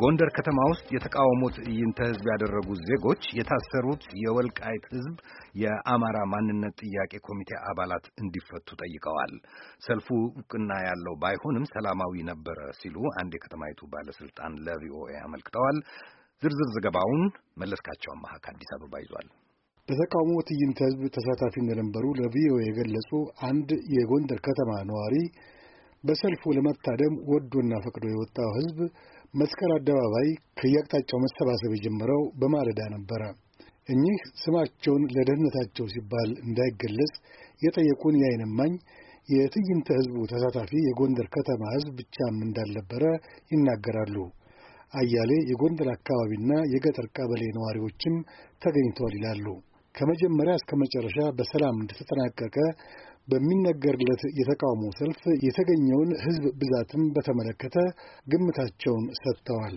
ጎንደር ከተማ ውስጥ የተቃውሞ ትዕይንተ ህዝብ ያደረጉ ዜጎች የታሰሩት የወልቃይት ህዝብ የአማራ ማንነት ጥያቄ ኮሚቴ አባላት እንዲፈቱ ጠይቀዋል። ሰልፉ እውቅና ያለው ባይሆንም ሰላማዊ ነበረ ሲሉ አንድ የከተማይቱ ባለስልጣን ለቪኦኤ አመልክተዋል። ዝርዝር ዘገባውን መለስካቸው አማሃ ከአዲስ አበባ ይዟል። በተቃውሞ ትዕይንተ ህዝብ ተሳታፊ እንደነበሩ ለቪኦኤ የገለጹ አንድ የጎንደር ከተማ ነዋሪ በሰልፉ ለመታደም ወዶና ፈቅዶ የወጣው ህዝብ መስቀል አደባባይ ከየአቅጣጫው መሰባሰብ የጀመረው በማለዳ ነበረ። እኚህ ስማቸውን ለደህንነታቸው ሲባል እንዳይገለጽ የጠየቁን የዓይን እማኝ የትዕይንተ ህዝቡ ተሳታፊ የጎንደር ከተማ ህዝብ ብቻም እንዳልነበረ ይናገራሉ። አያሌ የጎንደር አካባቢና የገጠር ቀበሌ ነዋሪዎችም ተገኝተዋል ይላሉ። ከመጀመሪያ እስከ መጨረሻ በሰላም እንደተጠናቀቀ በሚነገርለት የተቃውሞ ሰልፍ የተገኘውን ሕዝብ ብዛትም በተመለከተ ግምታቸውን ሰጥተዋል።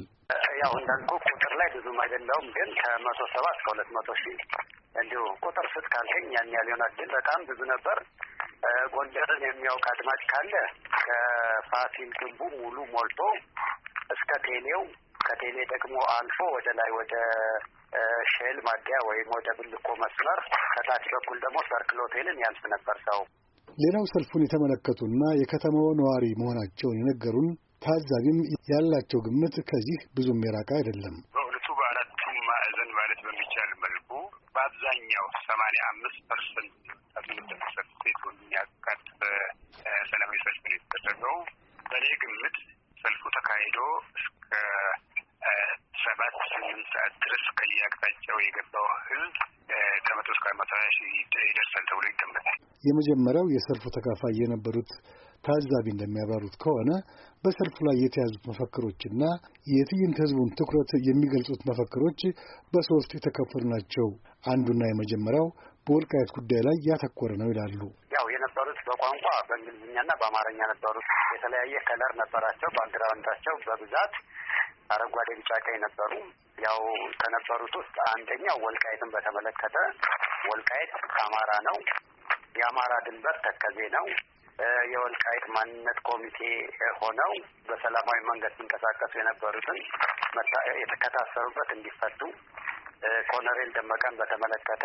ያው እንዳልኩ ቁጥር ላይ ብዙም አይደለውም፣ ግን ከመቶ ሰባ እስከ ሁለት መቶ ሺህ እንዲሁ ቁጥር ስጥ ካልከኝ ያን ያህል ይሆናል፣ ግን በጣም ብዙ ነበር። ጎንደርን የሚያውቅ አድማጭ ካለ ከፋሲል ግንቡ ሙሉ ሞልቶ እስከ ቴሌው ከቴሌ ደግሞ አልፎ ወደ ላይ ወደ ሼል ማደያ ወይም ወደ ብልኮ መስመር ከታች በኩል ደግሞ ሰርክል ሆቴልን ያልፍ ነበር ሰው። ሌላው ሰልፉን የተመለከቱና የከተማው ነዋሪ መሆናቸውን የነገሩን ታዛቢም ያላቸው ግምት ከዚህ ብዙም የራቀ አይደለም። በእውነቱ በአራቱም ማዕዘን ማለት በሚቻል መልኩ በአብዛኛው ሰማንያ አምስት ፐርሰንት ሰላማዊ ሰልፍ ነው የተደረገው። በእኔ ግምት ሰልፉ ተካሂዶ እስከ ሰባት ይህም ሰዓት ድረስ ከየአቅጣጫው የገባው ህዝብ ከመቶ እስከ አርባ ይደርሳል ተብሎ ይገመታል። የመጀመሪያው የሰልፉ ተካፋይ የነበሩት ታዛቢ እንደሚያብራሩት ከሆነ በሰልፉ ላይ የተያዙት መፈክሮችና የትዕይንት ህዝቡን ትኩረት የሚገልጹት መፈክሮች በሶስት የተከፈሉ ናቸው። አንዱና የመጀመሪያው በወልቃየት ጉዳይ ላይ ያተኮረ ነው ይላሉ። ያው የነበሩት በቋንቋ በእንግሊዝኛና በአማርኛ ነበሩት። የተለያየ ከለር ነበራቸው። ባክግራውንዳቸው በብዛት አረንጓዴ፣ ቢጫ፣ ቀይ ነበሩ። ያው ከነበሩት ውስጥ አንደኛው ወልቃይትን በተመለከተ ወልቃይት አማራ ነው። የአማራ ድንበር ተከዜ ነው። የወልቃይት ማንነት ኮሚቴ ሆነው በሰላማዊ መንገድ ሲንቀሳቀሱ የነበሩትን የተከታሰሩበት እንዲፈቱ ኮሎኔል ደመቀን በተመለከተ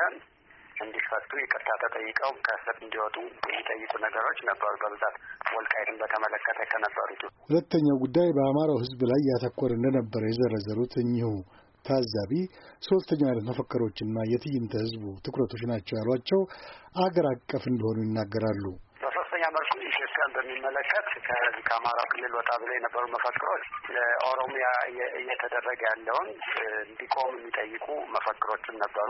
እንዲፈቱ ይቅርታ ተጠይቀው ከእስር እንዲወጡ የሚጠይቁ ነገሮች ነበሩ። በብዛት ወልቃይትን በተመለከተ ከነበሩት ሁለተኛው ጉዳይ በአማራው ሕዝብ ላይ ያተኮረ እንደነበረ የዘረዘሩት እኚሁ ታዛቢ ሶስተኛ አይነት መፈክሮችና የትዕይንተ ህዝቡ ትኩረቶች ናቸው ያሏቸው አገር አቀፍ እንደሆኑ ይናገራሉ። በሶስተኛ መልኩ ኢትዮጵያን በሚመለከት ከዚህ ከአማራ ክልል ወጣ ብለ የነበሩ መፈክሮች ለኦሮሚያ እየተደረገ ያለውን እንዲቆም የሚጠይቁ መፈክሮችም ነበሩ።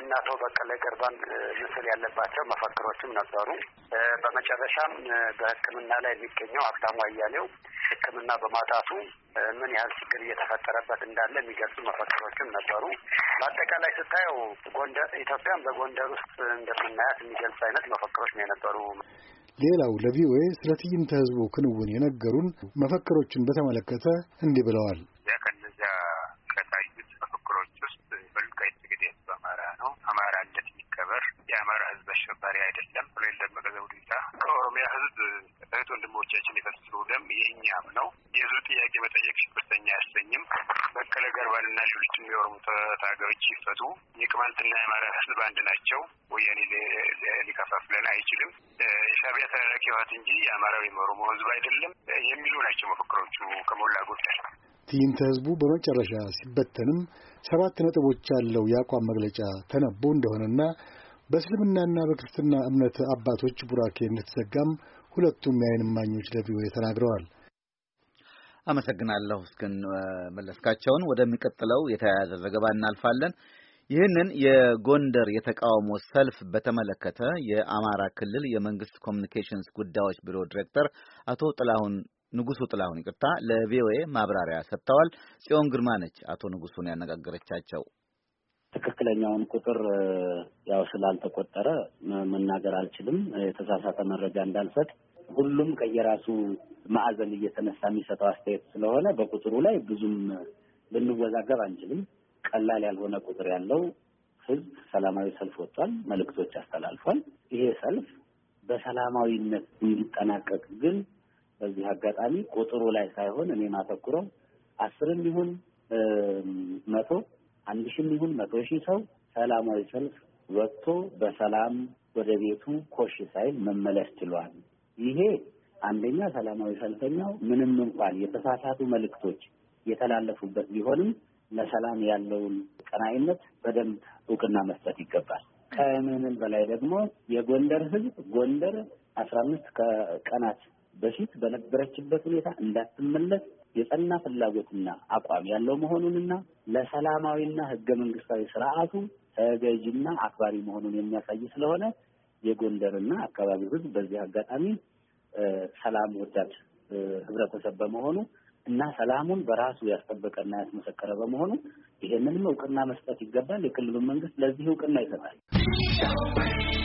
እና አቶ በቀለ ገርባን ምስል ያለባቸው መፈክሮችም ነበሩ። በመጨረሻም በሕክምና ላይ የሚገኘው ሀብታሙ አያሌው ሕክምና በማጣቱ ምን ያህል ችግር እየተፈጠረበት እንዳለ የሚገልጹ መፈክሮችም ነበሩ። በአጠቃላይ ስታየው ጎንደር ኢትዮጵያን በጎንደር ውስጥ እንደምናያት የሚገልጽ አይነት መፈክሮች ነው የነበሩ። ሌላው ለቪኦኤ ስለ ትዕይንተ ህዝቡ ክንውን የነገሩን መፈክሮችን በተመለከተ እንዲህ ብለዋል። ወንድሞቻችን የፈሰሰው ደም የእኛም ነው። የህዝብ ጥያቄ መጠየቅ ሽብርተኛ አያሰኝም። በቀለ ገርባንና ሌሎችም የሚወርሙ ታጋዮች ይፈቱ። የቅማንትና የአማራ ህዝብ አንድ ናቸው። ወያኔ ሊከፋፍለን አይችልም። የሻቢያ ተላላኪ ህወሓት እንጂ የአማራዊ ኦሮሞ ህዝብ አይደለም የሚሉ ናቸው መፈክሮቹ ከሞላ ጎደል። ትዕይንተ ህዝቡ በመጨረሻ ሲበተንም ሰባት ነጥቦች ያለው የአቋም መግለጫ ተነቦ እንደሆነና በእስልምናና በክርስትና እምነት አባቶች ቡራኬ እንድትዘጋም ሁለቱም የዓይን እማኞች ለቪኦኤ ተናግረዋል። አመሰግናለሁ እስክን መለስካቸውን። ወደሚቀጥለው የተያያዘ ዘገባ እናልፋለን። ይህንን የጎንደር የተቃውሞ ሰልፍ በተመለከተ የአማራ ክልል የመንግስት ኮሚኒኬሽንስ ጉዳዮች ቢሮ ዲሬክተር አቶ ጥላሁን ንጉሱ ጥላሁን ይቅርታ፣ ለቪኦኤ ማብራሪያ ሰጥተዋል። ጽዮን ግርማ ነች አቶ ንጉሱን ያነጋገረቻቸው። ትክክለኛውን ቁጥር ያው ስላልተቆጠረ መናገር አልችልም። የተሳሳተ መረጃ እንዳልሰጥ ሁሉም ከየራሱ ማዕዘን እየተነሳ የሚሰጠው አስተያየት ስለሆነ በቁጥሩ ላይ ብዙም ልንወዛገብ አንችልም። ቀላል ያልሆነ ቁጥር ያለው ህዝብ ሰላማዊ ሰልፍ ወጥቷል፣ መልእክቶች አስተላልፏል። ይሄ ሰልፍ በሰላማዊነት እንዲጠናቀቅ ግን በዚህ አጋጣሚ ቁጥሩ ላይ ሳይሆን እኔ ማተኩረው አስርም ይሁን መቶ አንድ ሺም ይሁን መቶ ሺህ ሰው ሰላማዊ ሰልፍ ወጥቶ በሰላም ወደ ቤቱ ኮሽ ሳይል መመለስ ችሏል። ይሄ አንደኛ ሰላማዊ ሰልፈኛው ምንም እንኳን የተሳሳቱ መልእክቶች የተላለፉበት ቢሆንም ለሰላም ያለውን ቀናይነት በደንብ እውቅና መስጠት ይገባል። ከምንም በላይ ደግሞ የጎንደር ህዝብ ጎንደር አስራ አምስት ከቀናት በፊት በነበረችበት ሁኔታ እንዳትመለስ የጸና ፍላጎትና አቋም ያለው መሆኑንና ለሰላማዊና ህገ መንግስታዊ ስርዓቱ ተገዥና አክባሪ መሆኑን የሚያሳይ ስለሆነ የጎንደርና አካባቢው ህዝብ በዚህ አጋጣሚ ሰላም ወዳድ ህብረተሰብ በመሆኑ እና ሰላሙን በራሱ ያስጠበቀና ያስመሰከረ በመሆኑ ይሄንንም እውቅና መስጠት ይገባል። የክልሉ መንግስት ለዚህ እውቅና ይሰጣል።